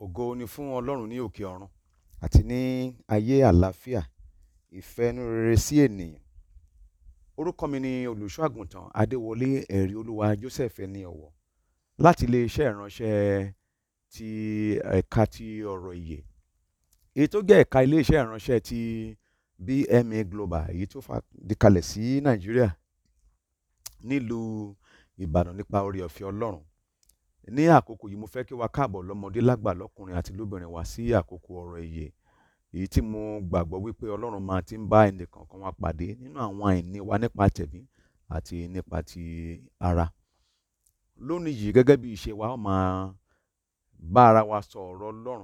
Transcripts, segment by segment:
ògo ni fún ọlọ́run ní òkè ọ̀run àti ní ayé àlàáfíà ìfẹ́ inú rere sí ènìyàn orúkọ mi ni olùṣọ́ àgùntàn adéwọlé ẹ̀rí olúwa joseph ẹni ọ̀wọ̀ láti iléeṣẹ́ ìránṣẹ́ ti ẹ̀ka ti ọ̀rọ̀ ìyè èyí tó jẹ́ ẹ̀ka iléeṣẹ́ ìránṣẹ́ ti BMA Global èyí tó fàdí kalẹ̀ sí nàìjíríà nílùú ìbàdàn nípa oore ọ̀fẹ́ ọlọ́run ní àkókò yìí mo fẹ́ kí wa káàbọ̀ lọ́mọdé lágbà lọ́kùnrin àti lóbìnrin wá sí àkókò ọ̀rọ̀ ìyè èyí tí mo gbàgbọ́ wípé ọlọ́run máa ti ń bá ẹnì kọ̀ọ̀kan wa pàdé nínú àwọn àìní wa nípa tẹ̀mí àti nípa ti ara lónìí yìí gẹ́gẹ́ bí ìṣe wa ó máa bá ara wa sọ ọ̀rọ̀ ọlọ́run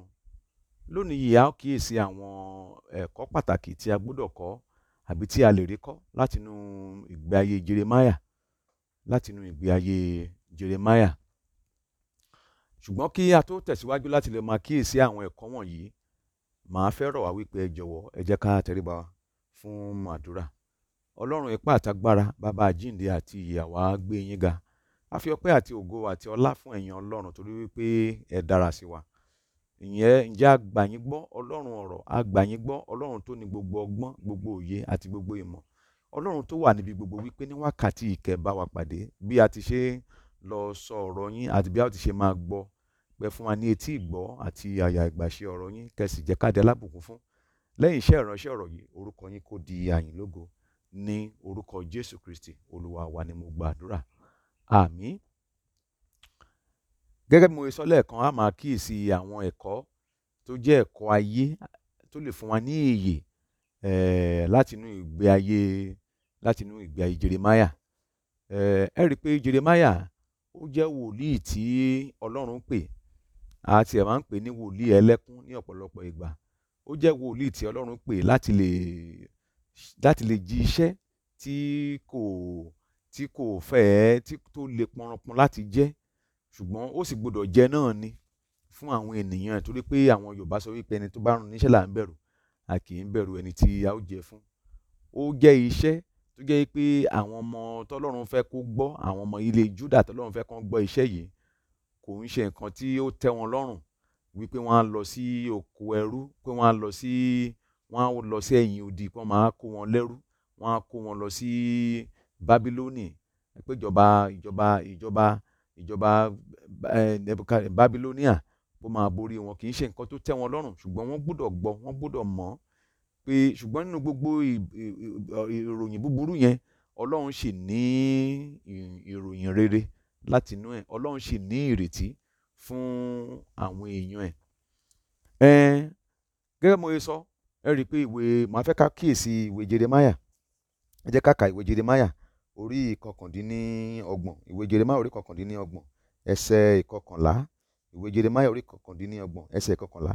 lónìí yìí a ó kíyèsí àwọn ẹ̀kọ́ pàtàkì tí a gbọ́dọ̀ kọ́ àbí tí a lè rí kọ́ látinú ìgbé ayé Jeremáyà látinú ìgbé ayé Jeremáyà ṣùgbọ́n kí a tó tẹ̀síwájú láti lè máa kíyèsí àwọn ẹ̀kọ́ wọ̀nyí màá fẹ́ rọ̀ wá wípé ẹ jọ̀wọ́ ẹ jẹ́ ká tẹríba fún àdúrà ọlọ́run ipá àtagbára bàbá àjíǹde àti ìyè àwa gbé yín ga a fi ọpẹ́ àti ògo àti ọlá fún ẹ̀yin ọlọ́run torí wípé ẹ dára sí wa ìyẹn ǹjẹ́ a gbà yín gbọ́ ọlọ́run ọ̀rọ̀ a gbà gbọ́ ọlọ́run tó ní gbogbo ọgbọ́n gbogbo òye àti gbogbo ìmọ̀ ọlọ́run tó wà níbi gbogbo wípé ní wákàtí ìkẹ́ bá wa pàdé bí a ti ṣe lọ sọ ọ̀rọ̀ yín àti bí a ti ṣe máa gbọ́ pẹ́ fún wa ní etí ìgbọ́ àti àyà ìgbàṣe ọ̀rọ̀ yín kẹsì jẹ́ káde alábùkún fún lẹ́yìn iṣẹ́ ìránṣẹ́ ọ̀rọ̀ yìí orúkọ yín kó di àyìn lógo ní orúkọ Jésù Kristi olúwa wa ni mo gbàdúrà àmín gẹ́gẹ́ bí mo sọ lẹ́ẹ̀kan a máa kíyèsí àwọn ẹ̀kọ́ tó jẹ́ ẹ̀kọ́ ayé tó lè fún wa ní èyè eh, látinú ìgbé ayé látinú ìgbé ayé Jeremiah eh, ẹ rí i pé Jeremiah ó jẹ́ wòlíì tí Ọlọ́run pè a ti ẹ̀ máa ń pè ní wòlíì ẹlẹ́kún ní ọ̀pọ̀lọpọ̀ ìgbà ó jẹ́ wòlíì tí ọlọ́run pè láti lè láti lè jí iṣẹ́ tí kò tí kò fẹ́ tí tó le pọnranpọn láti jẹ́ ṣùgbọ́n ó sì gbọdọ̀ jẹ́ náà ni fún àwọn ènìyàn torí pé àwọn Yorùbá sọ wípé ẹni tó bá rún níṣẹ́ là ń bẹ̀rù a kì í bẹ̀rù ẹni tí a ó jẹ fún ó jẹ́ iṣẹ́ tó jẹ́ pé àwọn ọmọ tọ́lọ́run fẹ́ kó gbọ́ àwọn ọmọ ilé Júdà tọ́lọ́run fẹ́ kó gbọ́ iṣẹ́ yìí kò ń ṣe nǹkan tí ó tẹ́ wọn lọ́rùn wípé wọ́n á lọ sí oko ẹrú pé wọ́n á lọ sí wọ́n á lọ sí ẹ̀yìn odi pé wọ́n máa kó wọn lẹ́rú wọ́n á kó wọn lọ sí Bábílónì pé ìjọba ìjọba ìjọba ìjọba Babilonia ó máa borí wọn kì í ṣe nǹkan tó tẹ́ wọn lọ́rùn ṣùgbọ́n wọ́n gbọ́dọ̀ gbọ́ wọ́n gbọ́dọ̀ mọ̀ pé ṣùgbọ́n nínú gbogbo ìròyìn búburú yẹn Ọlọ́run sì ní ìròyìn rere láti inú ẹ̀ ọlọ́run sì ní ìrètí fún àwọn èèyàn ẹ̀ ẹ̀ẹ́n gẹ́gẹ́ mo ṣe sọ ẹ rí i pé ìwé màá fẹ́ ká kíyèsí ìwé Jeremáyà ẹ jẹ́ ká ka ìwé Jeremáyà orí ìkọkàndínníọgbọ̀n ìwé Jeremáyà orí ìkọkàndínníọgbọ̀n ẹsẹ̀ ìkọkànlá ìwé Jeremáyà orí ìkọkàndínníọgbọ̀n ẹsẹ̀ ìkọkànlá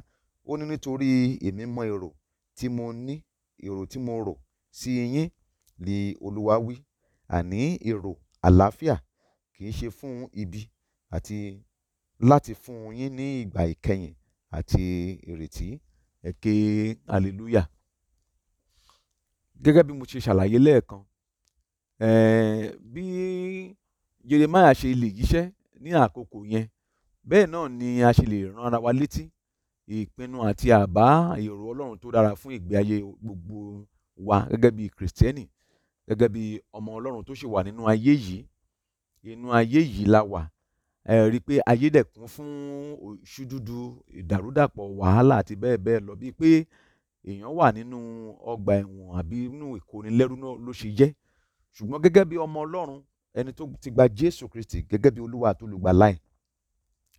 ó ní nítorí èmi mọ èrò tí mo ní èrò tí mo rò sí yín li Olúwa wí àní èrò àlàáfíà kì í ṣe fún ibi àti láti fún yín ní ìgbà ìkẹyìn àti ìrètí ẹ ké hallelujah. gẹ́gẹ́ bí mo ṣe ṣàlàyé lẹ́ẹ̀kan bí Jeremiah ṣe lè yíṣẹ́ ní àkókò yẹn bẹ́ẹ̀ náà ni a ṣe lè ran ara wa létí ìpinnu àti àbá èrò Ọlọ́run tó dára fún ìgbé ayé gbogbo wa gẹ́gẹ́ bí Kristẹni gẹ́gẹ́ bí ọmọ Ọlọ́run tó ṣì wà nínú ayé yìí inú ayé yìí la wà ẹ rí i pé ayé dẹ̀ kún fún ìṣúdúdú ìdàrúdàpọ̀ wàhálà àti bẹ́ẹ̀ bẹ́ẹ̀ lọ bíi pé èèyàn wà nínú ọgbà ẹ̀wọ̀n àbí inú ìkónilẹ́rú náà ló ṣe jẹ́ ṣùgbọ́n gẹ́gẹ́ bí ọmọ ọlọ́run ẹni tó ti gba jésù kristi gẹ́gẹ́ bí olúwa tó lùgbà láì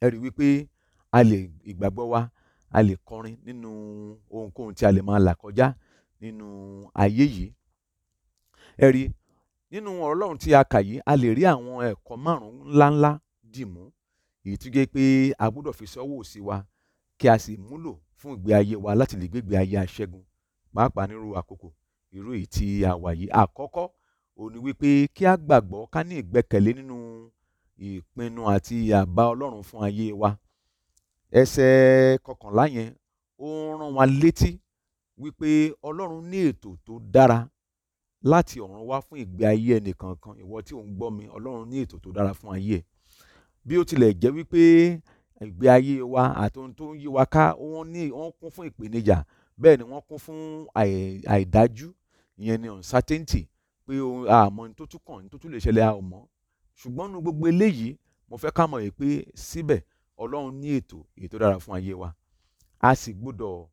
ẹ rí i wípé a lè ìgbàgbọ́ wa a lè kọrin nínú ohunkóhun tí a lè máa là kọjá nínú ayé yìí ẹ rí i nínú ọlọ́run tí a kà yìí a lè rí àwọn ẹ̀kọ́ márùn-ún ńláńlá dìmú èyí tó jẹ́ pé a gbọ́dọ̀ fi sọ́wọ́ òsì wa kí a sì múlò fún ìgbé ayé wa láti lè gbégbé ayé aṣẹ́gun pàápàá nírú àkókò irú èyí tí a wà yìí àkọ́kọ́ ó ní wípé kí a gbàgbọ́ ká ní ìgbẹ́kẹ̀lé nínú ìpinnu àti àbá ọlọ́run fún ayé wa ẹsẹ̀ kọkànlá yẹn ó ń rán wa létí wípé ọlọ́run ní ètò tó dára láti ọ̀run wá fún ìgbé ayé ẹnìkankan ìwọ tí ò ń gbọ́ mi ọlọ́run ní ètò tó dára fún ayé ẹ̀ bí ó tilẹ̀ jẹ́ wípé ìgbé ayé wa àti ohun tó ń yí wa ká wọ́n ní wọ́n kún fún ìpèníjà bẹ́ẹ̀ ni wọ́n kún fún àìdájú ìyẹn ni uncertainty pé àmọ́ ní tó tún kàn ní tó tún lè ṣẹlẹ̀ a ò mọ̀ ṣùgbọ́n nu gbogbo eléyìí mo fẹ́ ká mọ̀ yìí pé síbẹ̀ ọlọ́run ní ètò ètò dára fún ayé wa a sì gbọ́dọ̀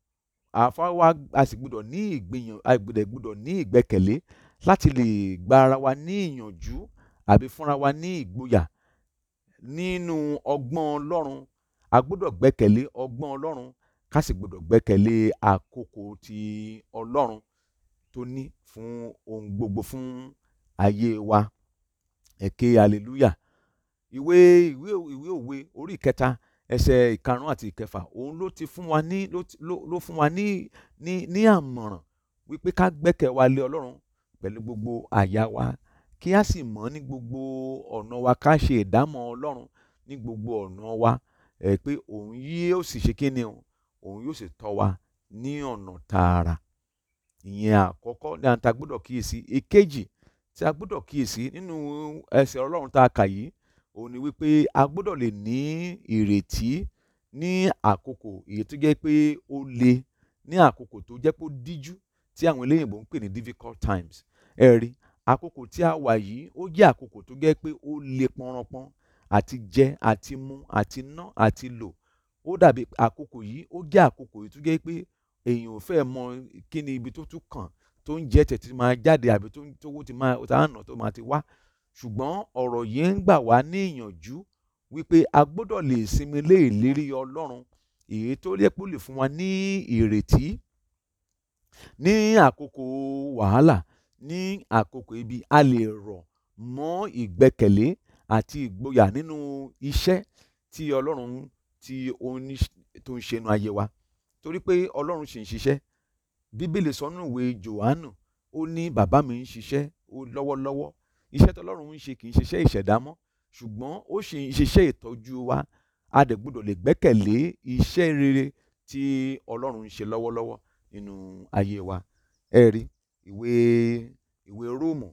àáfàá wa a sì gbọ́dọ̀ ní ìgbìyàn a gbọ́dọ̀ ní ìgbẹ́kẹ̀lé láti lè gba ara wa ní ìyànjú àbí fúnra wa ní ìgboyà nínú ọgbọ́n ọlọ́run a gbọ́dọ̀ gbẹ́kẹ̀lé ọgbọ́n ọlọ́run ká sì gbọ́dọ̀ gbẹ́kẹ̀lé àkókò ti ọlọ́run tó ní fún ohun gbogbo fún ayé wa ẹ̀kẹ́ hallelujah ìwé ìwé ìwé òwe orí kẹta ẹsẹ̀ ìkarùn àti ìkẹfà òun ló ti fún wa ní ló fún wa ní ní ní àmọ̀ràn wípé ká gbẹ́kẹ̀ wa lé ọlọ́run pẹ̀lú gbogbo àyà wa kí a sì mọ̀ ní gbogbo ọ̀nà wa ká ṣe ìdámọ̀ ọlọ́run ní gbogbo ọ̀nà wa ẹ̀ pé òun yóò sì ṣe kí ni o òun yóò sì tọ́ wa ní ọ̀nà tààrà ìyẹn àkọ́kọ́ ní àǹtà gbọ́dọ̀ kíyèsí èkejì tí a gbọ́dọ̀ kíyèsí nínú ẹsẹ̀ ọlọ́run tá a kà yìí òun ni wípé a gbọ́dọ̀ lè ní ìrètí ní àkókò èyí tó jẹ́ pé ó le ní àkókò tó jẹ́ pé díjú tí àwọn eléyìnbó ń pè ní difficult times ẹ rí àkókò tí a wà yìí ó jẹ́ àkókò tó jẹ́ pé ó le pọnranpọn àti jẹ àti mu àti ná àti lò ó dàbí àkókò yìí ó jẹ́ àkókò yìí tó jẹ́ pé èèyàn ò fẹ́ mọ kí ni ibi tó tún kàn tó ń jẹ́ tẹ̀ máa jáde àbí tó ń ti máa ọ̀tá àná tó máa ti wá ṣùgbọ́n ọ̀rọ̀ yìí ń gbà wá ní ìyànjú wípé a gbọ́dọ̀ lè sinmi lé ìlérí ọlọ́run èyí tó lẹ́pọ̀ lè fún wa ní ìrètí ní àkókò wàhálà ní àkókò ibi a lè rọ̀ mọ́ ìgbẹ́kẹ̀lé àti ìgboyà nínú iṣẹ́ tí ọlọ́run tí tó ń ṣe nu ayé wa torí pé ọlọ́run sì ń ṣiṣẹ́ bíbélì sọ ìwé Jòhánù ó ní bàbá mi ń ṣiṣẹ́ lọ́wọ́lọ́wọ́ iṣẹ́ tọ́lọ́run ń ṣe kì í ṣiṣẹ́ ìṣẹ̀dá mọ́ ṣùgbọ́n ó ṣe iṣẹ́ ìtọ́jú wa a dẹ̀ gbọ́dọ̀ lè gbẹ́kẹ̀lé iṣẹ́ rere tí ọlọ́run ń ṣe lọ́wọ́lọ́wọ́ nínú ayé wa ẹ rí ìwé ìwé róòmù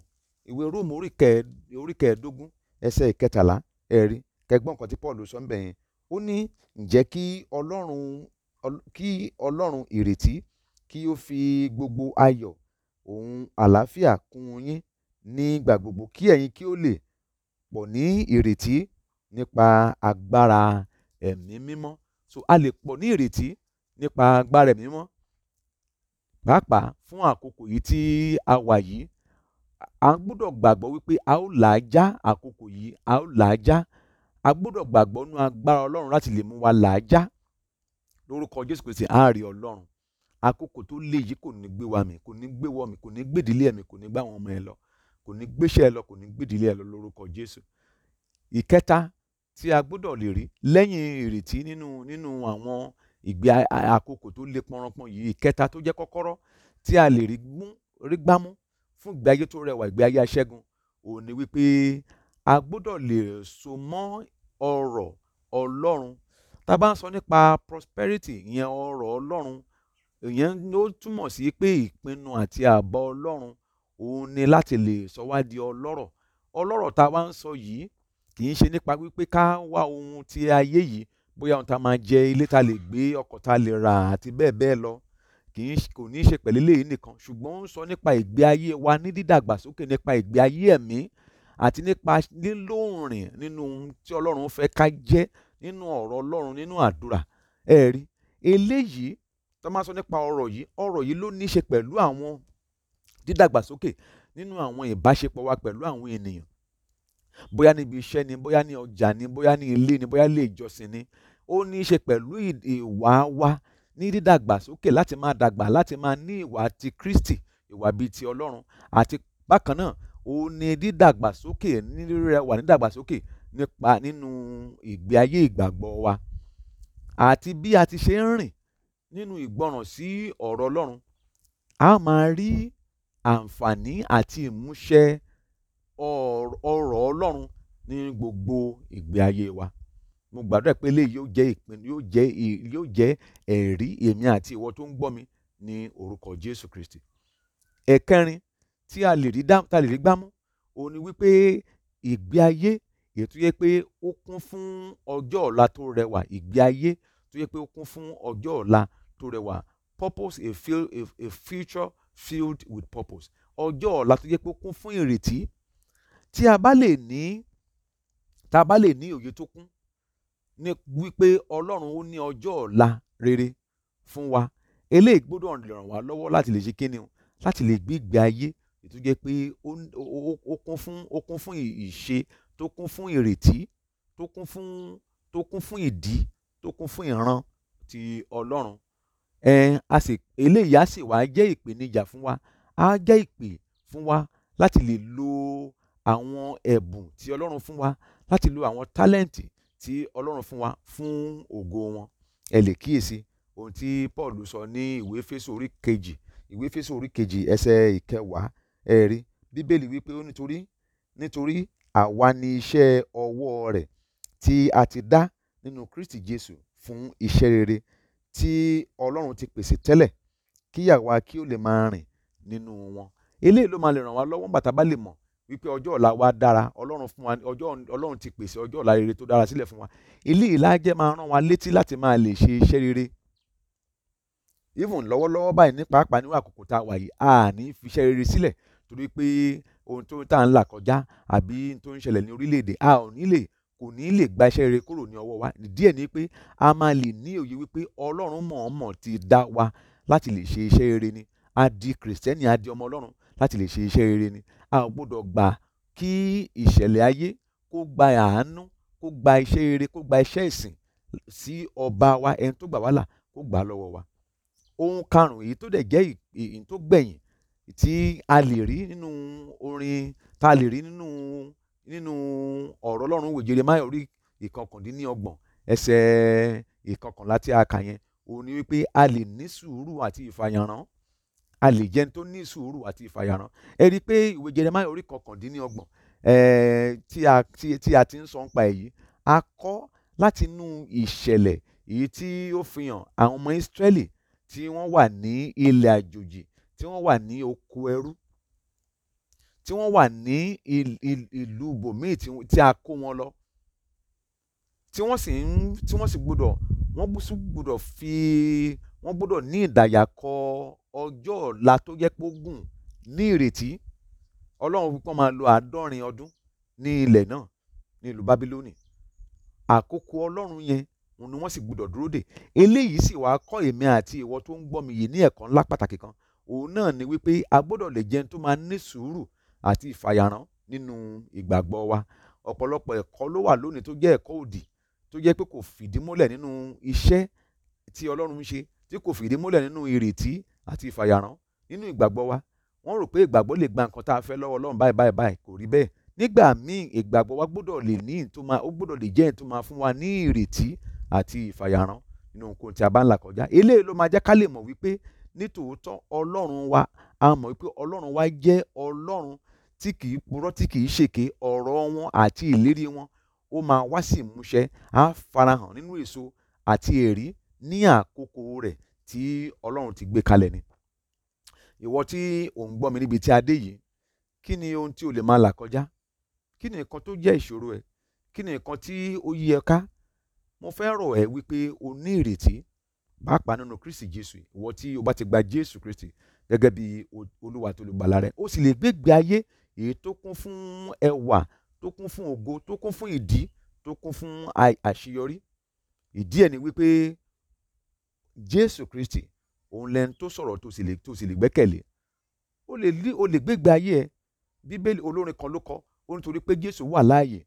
ìwé róòmù orí kẹẹ̀ẹ́dógún ẹsẹ̀ ìkẹtàlá ẹ rí kẹgbọ́n nǹkan tí paul sọ ń bẹ̀ yẹn ó ní ǹjẹ́ kí ọlọ́run kí ọlọ́run ìrètí kí ó fi gbogbo ayọ̀ òun àlàáfíà kún yín nígbà gbogbo kí ẹ̀yin kí ó lè pọ̀ ní ìrètí nípa agbára ẹ̀mí mímọ́ so a lè pọ̀ ní ìrètí nípa agbára ẹ̀mí mímọ́ pàápàá fún àkókò yìí tí a wà yìí a gbọ́dọ̀ gbàgbọ́ wípé a ó là á já àkókò yìí a ó là á já a gbọ́dọ̀ gbàgbọ́ nú agbára ọlọ́run láti lè mú wa là á já lórúkọ jésù kristi a rí ọlọ́run àkókò tó lé yìí kò ní gbé wa mì kò ní gbé wọ mì kò ní gbèdílé mi kò ní gbá àwọn ọmọ ẹ lọ kò ní gbéṣẹ́ ẹ lọ kò ní gbèdílé ẹ lọ lórúkọ Jésù ìkẹta tí a gbọ́dọ̀ lè rí lẹ́yìn ìrètí nínú nínú àwọn ìgbé àkókò tó le pọnranpọn yìí ìkẹta tó jẹ́ kọ́kọ́rọ́ tí a lè rí mú rí gbámú fún ìgbé ayé tó rẹwà ìgbé ayé aṣẹ́gun òun ni wípé a gbọ́dọ̀ lè so mọ́ ọ̀rọ̀ Ọlọ́run tá a bá ń sọ nípa prosperity ìyẹn ọ̀rọ̀ Ọlọ́run ìyẹn ló túmọ̀ sí pé ìpinnu àti àbọ̀ Ọlọ́run òun ni láti lè sọ wá di ọlọ́rọ̀ ọlọ́rọ̀ tá a wá ń sọ yìí kì í ṣe nípa wípé ká wá ohun ti ayé yìí bóyá ohun tá a máa jẹ ilé tá a lè gbé ọkọ̀ tá a lè rà àti bẹ́ẹ̀ bẹ́ẹ̀ lọ kò ní í ṣe pẹ̀lú eléyìí nìkan ṣùgbọ́n ó ń sọ nípa ìgbé ayé wa ní dídàgbàsókè nípa ìgbé ayé ẹ̀mí àti nípa lílóòrìn nínú ohun tí ọlọ́run fẹ́ ká jẹ́ nínú ọ̀rọ̀ ọlọ́run nínú àdúrà ẹ̀rí eléyìí tó máa sọ nípa ọ̀rọ̀ yìí ọ̀rọ̀ yìí ló ní í ṣe pẹ̀lú àwọn dídàgbàsókè nínú àwọn ìbáṣepọ̀ wa pẹ̀lú àwọn ènìyàn bóyá níbi iṣẹ́ ni bóyá ní ọjà ni bóyá ní ilé ni bóyá ilé ìjọsìn ni ó ní í ṣe pẹ̀lú ìwà wa ní dídàgbàsókè láti máa dàgbà láti máa ní ìwà ti Kristi ìwà bíi ti Ọlọ́run àti bákan náà ó ní dídàgbàsókè nírírẹ̀ wà nídàgbàsókè nípa nínú ìgbé ayé ìgbàgbọ́ wa àti bí a ti ṣe ń rìn nínú ìgbọràn sí ọ̀rọ̀ Ọlọ́run a máa rí àǹfààní àti ìmúṣẹ ọ̀rọ̀ ọlọ́run ní gbogbo ìgbé ayé wa mo gbàdúrà pé eléyìí yóò jẹ́ ìpinnu yóò jẹ́ yóò jẹ́ ẹ̀rí èmi àti ìwọ tó ń gbọ́ mi ní orúkọ Jésù Kristi ẹ̀kẹrin tí a lè rí tá lè rí gbámú òun ni wípé ìgbé ayé èyí tó yẹ pé ó kún fún ọjọ́ ọ̀la tó rẹwà ìgbé ayé tó yẹ pé ó kún fún ọjọ́ ọ̀la tó rẹwà purpose a, feel, a, a future filled with purpose ọjọ́ ọ̀la tó jẹ́ pé ó kún fún ìrètí tí a bá lè ní tá a bá lè ní òye tó kún ní wípé ọlọ́run ó ní ọjọ́ ọ̀la rere fún wa eléyìí gbọ́dọ̀ ràn wá lọ́wọ́ láti lè ṣe kíni o láti lè gbé ìgbé ayé ètò jẹ́ pé ó kún fún ó kún fún ìṣe tó kún fún ìrètí tó kún fún tó kún fún ìdí tó kún fún ìran ti ọlọ́run um eléyìí á sì wá jẹ́ ìpèníjà fún wa á jẹ́ ìpè fún wa láti lè lo àwọn ẹ̀bùn tí ọlọ́run fún wa láti lo àwọn tálẹ́ǹtì tí ọlọ́run fún wa fún ògo wọn ẹ lè kíyèsí ohun tí Paul sọ ní ìwé Éfésù orí kejì ìwé Éfésù orí kejì ẹsẹ̀ ìkẹwàá ẹ bíbélì wípé ó nítorí nítorí àwa ni iṣẹ́ ọwọ́ rẹ̀ tí a ti dá nínú Kristi Jésù fún iṣẹ́ rere tí ọlọ́run ti pèsè tẹ́lẹ̀ kíyàwó kí ó lè máa rìn nínú wọn eléyìí ló máa lè ràn wá lọ́wọ́ bàtà bá lè mọ̀ wípé ọjọ́ ọ̀la wa dára ọlọ́run fún wa ọjọ́ ọlọ́run ti pèsè ọjọ́ ọ̀la rere tó dára sílẹ̀ fún wa eléyìí lájẹ́ máa rán wa létí láti máa lè ṣe iṣẹ́ rere even lọ́wọ́lọ́wọ́ báyìí ní pàápàá níwọ̀n àkókò tá a wà yìí a ní fi iṣẹ́ rere sílẹ̀ torí pé ohun tó ń tà ń là kọjá àbí tó ń ṣẹlẹ̀ ní orílẹ̀-èdè a ò ní lè kò ní lè gba iṣẹ́ rere kúrò ní ọwọ́ wa díẹ̀ ni pé a máa lè ní òye wípé ọlọ́run mọ̀ọ́mọ̀ ti dá wa láti lè ṣe iṣẹ́ rere ni a di kìrìsìtẹ́nì a di ọmọ ọlọ́run láti lè ṣe iṣẹ́ rere ni a ò gbọ́dọ̀ gbà kí ìṣẹ̀lẹ̀ ayé kó gba àánú kó gba iṣẹ́ rere kó gba iṣẹ́ ìsìn sí ọba wa ẹni tó gbà wá là kó gbà á lọ́wọ́ wa ohun karùn-ún èyí tó dẹ̀ jẹ́ èyí tó gbẹ̀yìn tí a lè rí nínú orin tá a lè rí nínú nínú ọ̀rọ̀ ọlọ́run ìwé Jeremáyà orí ìkọkàndínlọ́gbọ̀n ẹsẹ̀ ìkọkànlá tí a kà yẹn òun ni wípé a lè ní sùúrù àti ìfàyàrán a lè jẹun tó ní sùúrù àti ìfàyàrán ẹ rí i pé ìwé Jeremáyà orí ìkọkàndínlọ́gbọ̀n tí a ti ń sọ nípa èyí a kọ́ láti inú ìṣẹ̀lẹ̀ èyí tí ó fi hàn àwọn ọmọ Ísírẹ́lì tí wọ́n wà ní ilẹ̀ àjòjì tí wọ́n wà ní oko ẹrú tí wọ́n wà ní ìlú bòmíì tí a kó wọn lọ tí wọ́n sì ń tí wọ́n sì gbọ́dọ̀ wọ́n gbọ́dọ̀ fi wọ́n gbọ́dọ̀ ní ìdàyàkọ ọjọ́ ọ̀la tó yẹ pé ó gùn ní ìrètí ọlọ́run púpọ̀ máa lo àádọ́rin ọdún ní ilẹ̀ náà ní ìlú bábílónì àkókò ọlọ́run yẹn òun ni wọ́n sì gbọ́dọ̀ dúró dè eléyìí sì wàá kọ́ èmi àti ìwọ tó ń gbọ́ mi yìí ní ẹ̀kọ́ ńlá pàtàkì kan òun náà ni wípé a gbọ́dọ̀ lè jẹun tó máa ní sùúrù àti ìfàyàrán nínú ìgbàgbọ́ wa ọ̀pọ̀lọpọ̀ ẹ̀kọ́ ló wà lónìí tó jẹ́ ẹ̀kọ́ òdì tó jẹ́ pé kò fìdí múlẹ̀ nínú iṣẹ́ tí Ọlọ́run ń ṣe tí kò fìdí múlẹ̀ nínú ìrètí àti ìfàyàrán nínú ìgbàgbọ́ wa wọ́n rò pé ìgbàgbọ́ lè gba nǹkan tá a fẹ́ lọ́wọ́ Ọlọ́run báyìí báyìí báyìí kò rí bẹ́ẹ̀ nígbà míì ìgbàgbọ́ wa gbọ́dọ̀ lè ní ìtumọ̀ ó gbọ́dọ̀ lè jẹ́ ìtumọ̀ fún wa ní ìrètí àti ìfàyàrán nínú nǹkan tí a bá ń là kọjá eléyìí ló máa jẹ́ ká lè mọ̀ wípé nítòótọ́ Ọlọ́run wa a mọ̀ wípé Ọlọ́run wa jẹ́ Ọlọ́run tí kì í purọ́ tí kì í ṣèké ọ̀rọ̀ wọn àti ìlérí wọn ó máa wá sí ìmúṣẹ á farahàn nínú èso àti èrí ní àkókò rẹ̀ tí Ọlọ́run ti gbé kalẹ̀ ni ìwọ tí ò ń gbọ́ mi níbi tí a dé yìí kí ni ohun tí o lè máa là kọjá kí ni nǹkan tó jẹ́ ìṣòro ẹ̀ kí ni nǹkan tí ó yí ẹ ká mo fẹ́ rọ̀ ẹ́ wípé o ní ìrètí pàápàá nínú Kristi Jésù ìwọ tí o bá ti gba Jésù Kristi gẹ́gẹ́ bí Olúwa tó lè gbàlà rẹ̀ o sì lè gbégbé ayé èyí tó kún fún ẹwà tó kún fún ògo tó kún fún ìdí tó kún fún àṣeyọrí ìdí ẹ̀ ni wípé Jésù Kristi òun lẹ́nu tó sọ̀rọ̀ tó sì lè tó sì lè gbẹ́kẹ̀lé o lè lé o lè gbégbé ayé ẹ bíbélì olórin kan ló kọ ó nítorí pé Jésù wà láàyè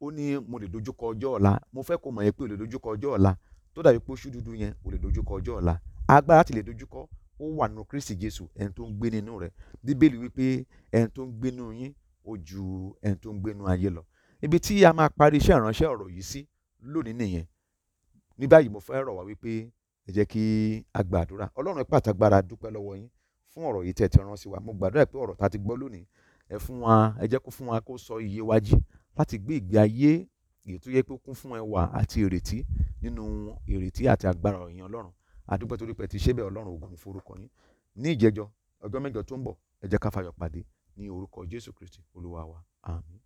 ó ní mo lè dojúkọ ọjọ́ ọ̀la mo fẹ́ kó mọ̀ yẹn pé o lè dojúkọ ọjọ́ ọ̀la tó dàbí pé oṣù dúdú yẹn o lè dojúkọ ọjọ́ ọ̀la agbára ti lè dojúkọ ó wà nínú kristi jésù ẹni tó ń gbé nínú rẹ bíbélì wípé ẹni tó ń gbé nínú yín ó ju ẹni tó ń gbé nínú ayé lọ ibi tí a máa parí iṣẹ́ ìránṣẹ́ ọ̀rọ̀ yìí sí lónìí nìyẹn ní báyìí mo fẹ́ rọ̀ wá wípé ẹ jẹ́ kí a gbàdúrà ọlọ́run ẹ̀pẹ́ àtàgbára dúpẹ́ lọ́wọ́ yín fún ọ̀rọ̀ yìí tẹ̀ ti wa mo gbàdúrà pé ọ̀rọ̀ tá a ti gbọ́ lónìí ẹ fún wa ẹ jẹ́ kó fún wa kó sọ iye wa jí láti gbé ìgbé ayé èyí yẹ pé kún fún ẹwà àti ìrètí nínú ìrètí àti agbára ọ̀yìn ọlọ́run àdúgbò torí pé ti ṣe bẹ́ẹ̀ ọlọ́run ògùn forúkọ yín ní ìjẹjọ ọjọ́ mẹ́jọ tó ń bọ̀ ẹ jẹ́ pàdé ní orúkọ jésù kristi olúwa wa àmín